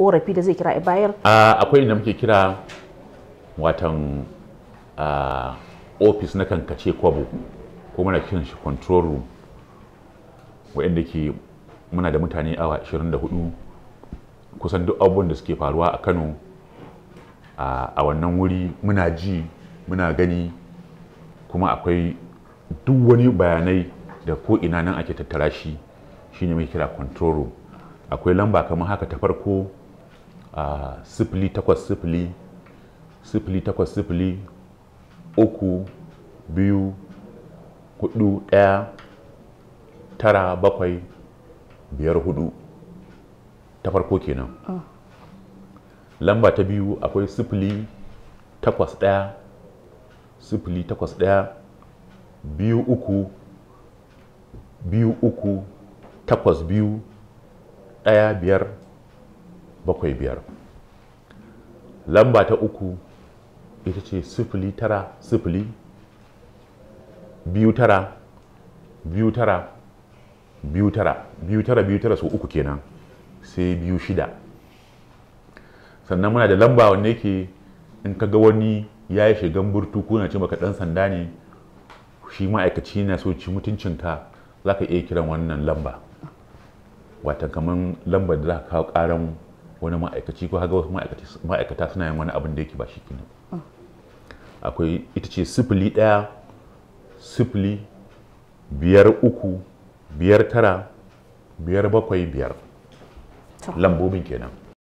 korafi da zai kira a bayar? akwai inda muke kira watan ofis na kankace kwabo ko muna kiran shi control room wa'inda ke muna da mutane awa 24 kusan duk abubuwan da suke faruwa a kano a wannan wuri muna ji muna gani kuma akwai duk wani bayanai da ko ina nan ake tattara shi shine mai kira control room akwai lamba kamar haka ta farko a sifili takwas sifili sifili takwas sifili uku biyu hudu daya tara bakwai biyar hudu ta farko kenan oh. lamba ta biyu akwai sifili takwas daya sifili takwas daya biyu uku biyu uku takwas biyu daya biyar bakwai biyar lamba ta uku ita ce sifili tara sifili biyu tara biyu tara biyu tara biyu tara biyu tara su uku kenan sai biyu shida sannan muna da lamba wanda yake in ka ga wani ya yi shigan burtu ko ce maka dan sanda ne shi ma'aikaci na so ci mutuncinka za ka iya kiran wannan lamba watan kamar lambar da za ka kawo karan wani ma'aikaci ko haga ma'aikata suna yin wani abin da yake ba shi kina akwai ita ce sifili ɗaya sifili biyar uku biyar tara biyar bakwai biyar lambobin kenan